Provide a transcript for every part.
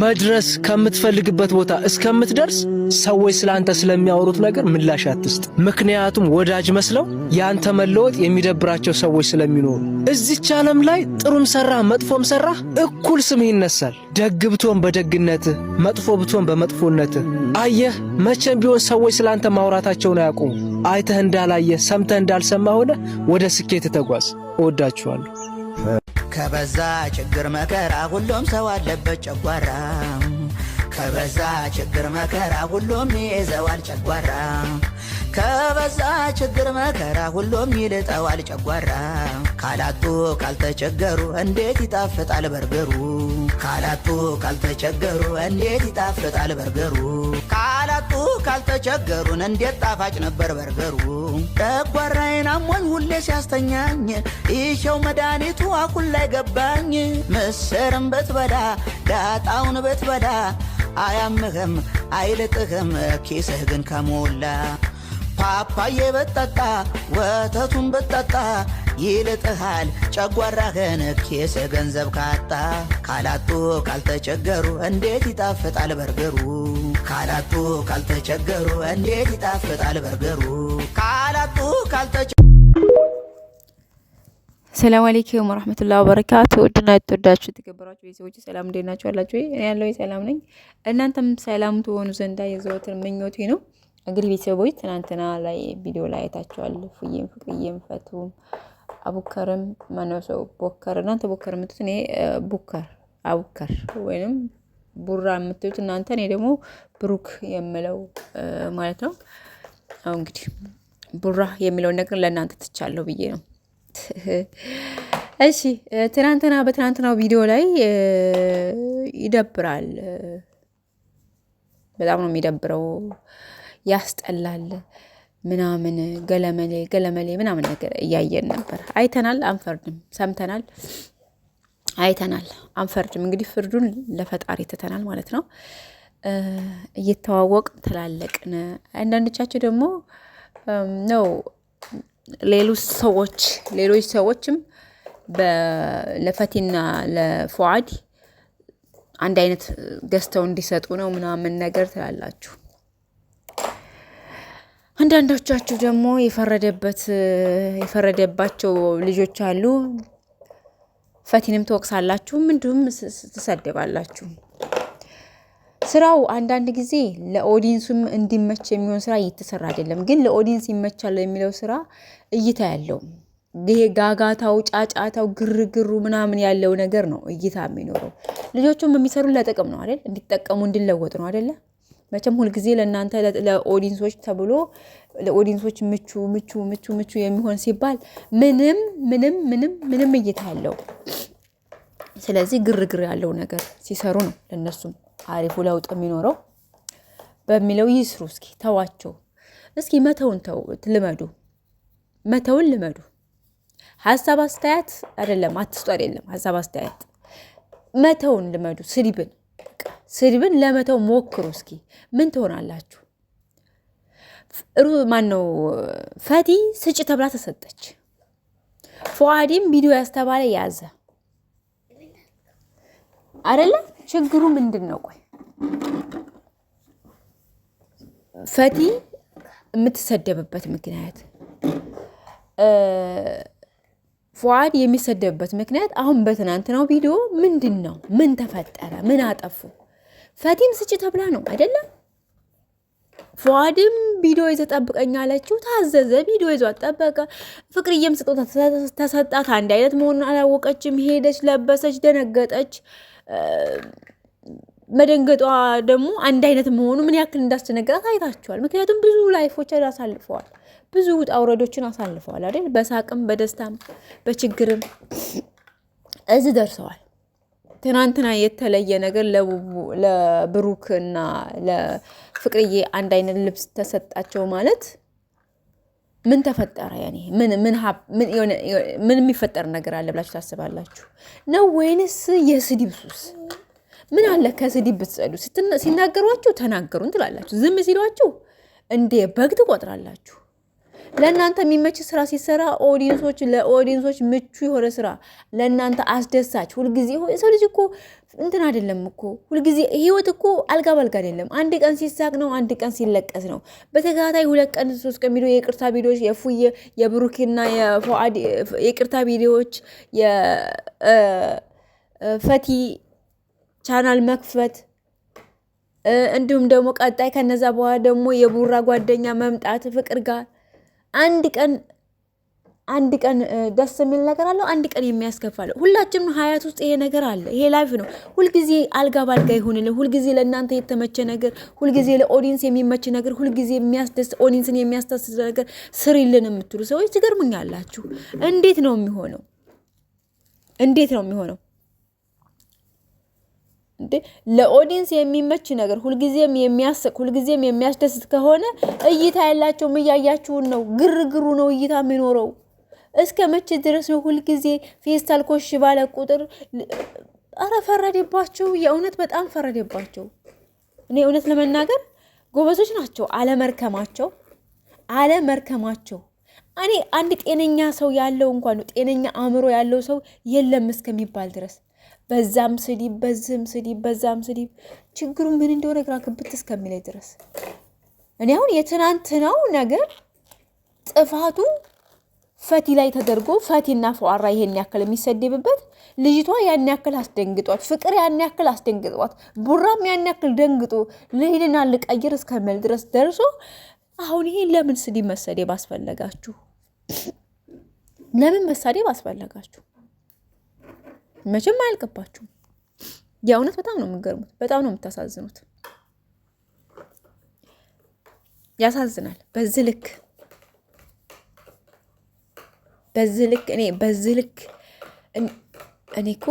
መድረስ ከምትፈልግበት ቦታ እስከምትደርስ ሰዎች ስለአንተ ስለሚያወሩት ነገር ምላሽ አትስጥ። ምክንያቱም ወዳጅ መስለው የአንተ መለወጥ የሚደብራቸው ሰዎች ስለሚኖሩ እዚች ዓለም ላይ ጥሩም ሰራህ መጥፎም ሰራህ እኩል ስምህ ይነሳል። ደግ ብትሆን በደግነትህ፣ መጥፎ ብትሆን በመጥፎነትህ። አየህ፣ መቼም ቢሆን ሰዎች ስለአንተ ማውራታቸውን አያቁሙ። አይተህ እንዳላየህ ሰምተህ እንዳልሰማ ሆነ ወደ ስኬት ተጓዝ። እወዳችኋለሁ። ከበዛ ችግር መከራ ሁሉም ሰው አለበት ጨጓራ ከበዛ ችግር መከራ ሁሉም ይዘዋል ጨጓራ ከበዛ ችግር መከራ ሁሉም ይልጠዋል ጨጓራ ካላቱ ካልተቸገሩ እንዴት ይጣፍጣል በርገሩ ካላቱ ካልተቸገሩ እንዴት ይጣፍጣል በርገሩ ካላቱ ካልተቸገሩን እንዴት ጣፋጭ ነበር በርገሩ ጨጓራዬን አሞኝ ሁሌ ሲያስተኛኝ ይሸው መድኃኒቱ አኩል ላይ ገባኝ ምስርም ብትበላ ዳጣውን ብትበላ አያምህም አይልጥህም ኪስህ ግን ከሞላ ፓፓዬ በጠጣ ወተቱን በጠጣ ይልጥሃል ጨጓራህን ኪስህ ገንዘብ ካጣ። ካላጡ ካልተቸገሩ እንዴት ይጣፍጣል በርገሩ ካላጡ ካልተቸገሩ እንዴት ይጣፍጣል በርገሩ ካላጡ ካልተቸ አሰላሙ አለይኩም ወራህመቱላሂ ወበረካቱ። ውድና የተወዳችሁ የተከበራችሁ ቤተሰቦች ሰላም እንዴት ናችሁ? አላችሁ ወይ? እኔ ያለው ሰላም ነኝ። እናንተም ሰላም ትሆኑ ዘንዳ የዘወትር ምኞቴ ነው። እንግዲህ ቤተሰቦች ትናንትና ላይ ቪዲዮ ላይ አይታችኋል። ፍዬም ፍቅርዬም ፈቱም አቡከርም መነሰው ቦከር እናንተ ቦከር የምትሉት እኔ ቡከር አቡከር ወይንም ቡራ የምትሉት እናንተ እኔ ደግሞ ብሩክ የምለው ማለት ነው። አሁን እንግዲህ ቡራ የሚለውን ነገር ለእናንተ ትቻለሁ ብዬ ነው እሺ ትናንትና በትናንትናው ቪዲዮ ላይ ይደብራል። በጣም ነው የሚደብረው፣ ያስጠላል ምናምን ገለመሌ ገለመሌ ምናምን ነገር እያየን ነበር። አይተናል፣ አንፈርድም። ሰምተናል፣ አይተናል፣ አንፈርድም። እንግዲህ ፍርዱን ለፈጣሪ ትተናል ማለት ነው። እየተዋወቅ ተላለቅን። አንዳንዶቻቸው ደግሞ ነው ሌሎች ሰዎች ሌሎች ሰዎችም ለፈቲና ለፉአድ አንድ አይነት ገዝተው እንዲሰጡ ነው ምናምን ነገር ትላላችሁ። አንዳንዶቻችሁ ደግሞ የፈረደበት የፈረደባቸው ልጆች አሉ። ፈቲንም ትወቅሳላችሁም እንዲሁም ትሰድባላችሁ። ስራው አንዳንድ ጊዜ ለኦዲንሱም እንዲመች የሚሆን ስራ እየተሰራ አይደለም። ግን ለኦዲንስ ይመቻል የሚለው ስራ እይታ ያለው ይሄ ጋጋታው፣ ጫጫታው፣ ግርግሩ ምናምን ያለው ነገር ነው እይታ የሚኖረው። ልጆቹም የሚሰሩ ለጥቅም ነው አይደል? እንዲጠቀሙ እንዲለወጡ ነው አይደለ? መቼም ሁልጊዜ ለእናንተ ለኦዲንሶች ተብሎ ለኦዲንሶች ምቹ ምቹ ምቹ ምቹ የሚሆን ሲባል ምንም ምንም ምንም ምንም እይታ ያለው ስለዚህ ግርግር ያለው ነገር ሲሰሩ ነው ለእነሱም አሪፉ ለውጥ የሚኖረው በሚለው ይስሩ። እስኪ ተዋቸው። እስኪ መተውን ተው ልመዱ፣ መተውን ልመዱ። ሀሳብ አስተያየት አይደለም አትስጡ፣ አይደለም ሀሳብ አስተያየት፣ መተውን ልመዱ። ስድብን ስድብን ለመተው ሞክሩ። እስኪ ምን ትሆናላችሁ? ማን ነው ፈቲ ስጭ ተብላ ተሰጠች። ፎአዲም ቪዲዮ ያስተባለ ያዘ አይደለም ችግሩ ምንድን ነው? ቆይ ፈቲ የምትሰደብበት ምክንያት ፏድ የሚሰደብበት ምክንያት አሁን በትናንትናው ቪዲዮ ምንድን ነው? ምን ተፈጠረ? ምን አጠፉ? ፈቲም ስጭ ተብላ ነው አይደለም? ፏድም ቪዲዮ ይዘ ጠብቀኝ አለችው። ታዘዘ፣ ቪዲዮ ይዞ ጠበቀ። ፍቅርዬም ስጦታ ተሰጣት። አንድ አይነት መሆኑን አላወቀችም። ሄደች፣ ለበሰች፣ ደነገጠች። መደንገጧ ደግሞ አንድ አይነት መሆኑ ምን ያክል እንዳስደነገጣት አይታችኋል። ምክንያቱም ብዙ ላይፎች አሳልፈዋል፣ ብዙ ውጣ ውረዶችን አሳልፈዋል አይደል? በሳቅም በደስታም በችግርም እዚህ ደርሰዋል። ትናንትና የተለየ ነገር ለብሩክ እና ለፍቅርዬ አንድ አይነት ልብስ ተሰጣቸው ማለት ምን ተፈጠረ? ያኔ ምን የሚፈጠር ነገር አለ ብላችሁ ታስባላችሁ? ነው ወይንስ የስድብ ሱስ? ምን አለ ከስድብ ብትጸዱ? ሲናገሯችሁ ተናገሩን ትላላችሁ፣ ዝም ሲሏችሁ እንደ በግ ትቆጥራላችሁ። ለእናንተ የሚመች ስራ ሲሰራ ኦዲንሶች ለኦዲንሶች ምቹ የሆነ ስራ ለእናንተ አስደሳች ሁልጊዜ ሰው ልጅ እኮ እንትን አይደለም እኮ ሁልጊዜ ህይወት እኮ አልጋ ባልጋ አይደለም። አንድ ቀን ሲሳቅ ነው፣ አንድ ቀን ሲለቀስ ነው። በተከታታይ ሁለት ቀን ሶስት ቀን ቪዲዮ የቅርታ ቪዲዮዎች የፉየ የብሩኬና የፉአድ የቅርታ ቪዲዮዎች የፈቲ ቻናል መክፈት እንዲሁም ደግሞ ቀጣይ ከነዛ በኋላ ደግሞ የቡራ ጓደኛ መምጣት ፍቅር ጋር አንድ ቀን አንድ ቀን ደስ የሚል ነገር አለው፣ አንድ ቀን የሚያስከፋ አለው። ሁላችንም ሀያት ውስጥ ይሄ ነገር አለ። ይሄ ላይፍ ነው። ሁልጊዜ አልጋ ባልጋ ይሆንልን። ሁልጊዜ ለእናንተ የተመቸ ነገር፣ ሁልጊዜ ለኦዲንስ የሚመች ነገር፣ ሁልጊዜ የሚያስደስ ኦዲንስን የሚያስደስት ነገር ስሪልን የምትሉ ሰዎች ትገርሙኛላችሁ። እንዴት ነው የሚሆነው? እንዴት ነው የሚሆነው? ለኦዲንስ የሚመች ነገር ሁልጊዜም የሚያስቅ ሁልጊዜም የሚያስደስት ከሆነ እይታ ያላቸውም እያያችሁን ነው። ግርግሩ ነው እይታ የሚኖረው። እስከ መቼ ድረስ ነው ሁልጊዜ ፌስታል ኮሽ ባለ ቁጥር? አረ ፈረደባቸው። የእውነት በጣም ፈረደባቸው። እኔ እውነት ለመናገር ጎበዞች ናቸው። አለመርከማቸው አለመርከማቸው እኔ አንድ ጤነኛ ሰው ያለው እንኳን ጤነኛ አእምሮ ያለው ሰው የለም እስከሚባል ድረስ በዛም ስድብ፣ በዚህም ስድብ፣ በዛም ስድብ። ችግሩ ምን እንደሆነ ግራ ግብት እስከሚለኝ ድረስ እኔ አሁን የትናንትናው ነገር ጥፋቱ ፈቲ ላይ ተደርጎ ፈቲና ፈዋራ ይሄን ያክል የሚሰደብበት ልጅቷ ያን ያክል አስደንግጧት፣ ፍቅር ያን ያክል አስደንግጧት፣ ቡራም ያን ያክል ደንግጦ ልሂድና ልቀይር እስከሚል ድረስ ደርሶ አሁን ይሄ ለምን ስዲ መሰደብ አስፈለጋችሁ? ለምን መሳደብ አስፈለጋችሁ? መቼም አያልቅባችሁም። የእውነት በጣም ነው የምንገርሙት፣ በጣም ነው የምታሳዝኑት። ያሳዝናል። በዚህ ልክ በዚህ ልክ እኔ በዚህ ልክ እኔ እኮ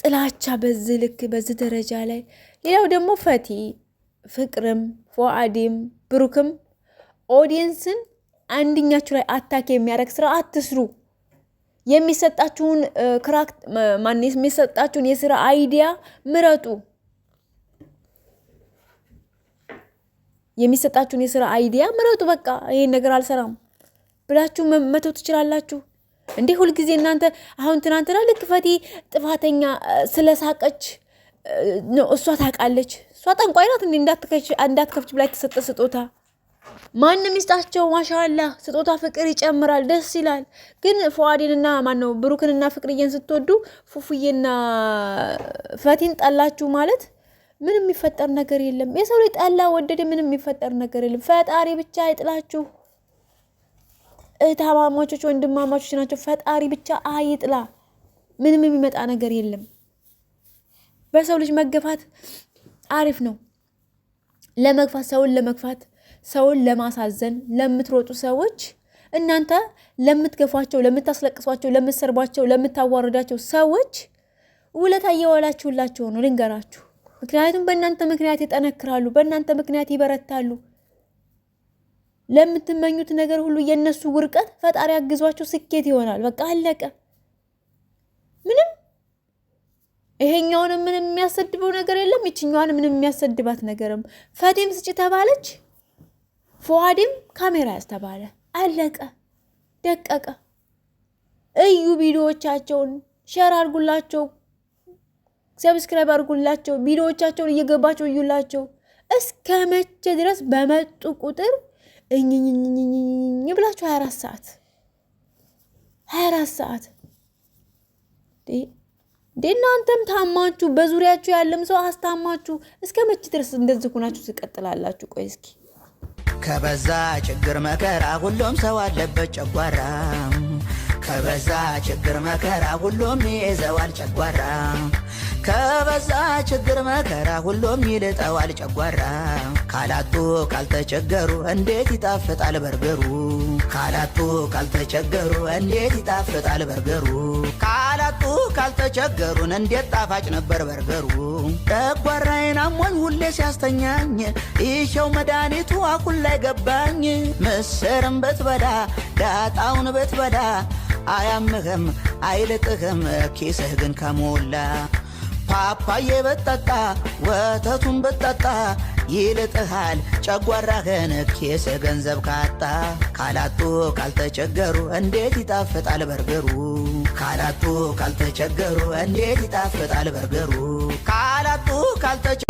ጥላቻ በዚህ ልክ በዚህ ደረጃ ላይ ሌላው ደግሞ ፈቲ ፍቅርም ፎአዴም ብሩክም ኦዲየንስን አንድኛችሁ ላይ አታክ የሚያደርግ ስራ አትስሩ። የሚሰጣችሁን ክራክት ማን የሚሰጣችሁን የስራ አይዲያ ምረጡ። የሚሰጣችሁን የስራ አይዲያ ምረጡ። በቃ ይሄን ነገር አልሰራም ብላችሁ መተው ትችላላችሁ። እንዴ ሁልጊዜ እናንተ አሁን ትናንትና ልክ ፈቲ ጥፋተኛ ስለሳቀች እሷ ታውቃለች። እሷ ጠንቋይ ናት። እንዳትከፍች ብላ የተሰጠ ስጦታ ማንም ይስጣቸው። ማሻላ ስጦታ ፍቅር ይጨምራል፣ ደስ ይላል። ግን ፉአዴንና ነው ብሩክንና ፍቅርዬን ስትወዱ ፉፉዬና ፈቲን ጠላችሁ ማለት ምንም የሚፈጠር ነገር የለም። የሰው ልጅ ጠላ ወደደ ምንም የሚፈጠር ነገር የለም። ፈጣሪ ብቻ አይጥላችሁ። እህታማማቾች ወንድማማቾች ናቸው። ፈጣሪ ብቻ አይጥላ። ምንም የሚመጣ ነገር የለም። በሰው ልጅ መገፋት አሪፍ ነው። ለመግፋት ሰውን ለመግፋት ሰውን ለማሳዘን ለምትሮጡ ሰዎች እናንተ ለምትገፏቸው፣ ለምታስለቅሷቸው፣ ለምትሰርቧቸው፣ ለምታዋርዳቸው ሰዎች ውለታ እየዋላችሁላቸው ነው። ልንገራችሁ። ምክንያቱም በእናንተ ምክንያት ይጠነክራሉ፣ በእናንተ ምክንያት ይበረታሉ። ለምትመኙት ነገር ሁሉ የእነሱ ውርቀት ፈጣሪ አግዟቸው ስኬት ይሆናል። በቃ አለቀ። ምንም ይሄኛውን ምንም የሚያሰድበው ነገር የለም። ይችኛዋን ምንም የሚያሰድባት ነገርም ፈቴም ስጭ ተባለች። ፉአድም ካሜራ ያስተባለ አለቀ ደቀቀ። እዩ ቪዲዮዎቻቸውን ሸር አርጉላቸው፣ ሰብስክራይብ አርጉላቸው፣ ቪዲዮዎቻቸውን እየገባቸው እዩላቸው። እስከ መቼ ድረስ በመጡ ቁጥር እኝኝኝኝኝ ብላችሁ 24 ሰዓት 24 ሰዓት እናንተም ታማችሁ፣ በዙሪያችሁ ያለም ሰው አስታማችሁ። እስከ መቼ ድረስ እንደዚህ ሆናችሁ ትቀጥላላችሁ? ቆይ እስኪ ከበዛ ችግር መከራ ሁሉም ሰው አለበት ጨጓራ ከበዛ ችግር መከራ ሁሉም ይዘዋል ጨጓራ ከበዛ ችግር መከራ ሁሉም ይልጠዋል ጨጓራ ካላቱ ካልተቸገሩ እንዴት ይጣፍጣል በርገሩ ካላቱ ካልተቸገሩ እንዴት ይጣፍጣል በርገሩ ካልተቸገሩን እንዴት ጣፋጭ ነበር በርገሩ። ጨጓራዬን አሞኝ ሁሌ ሲያስተኛኝ ይሸው መድኃኒቱ አኩል ላይ ገባኝ። ምስርም ብትበላ ዳጣውን ብትበላ አያምህም አይልጥህም ኪስህ ግን ከሞላ ፓፓዬ ብትጠጣ ወተቱን ብትጠጣ ይልጥሃል ጨጓራህን ኬስ ገንዘብ ካጣ ካላጡ ካልተቸገሩ እንዴት ይጣፍጣል በርገሩ ካላጡ ካልተቸገሩ እንዴት ይጣፍጣል በርገሩ ካላጡ ካልተቸ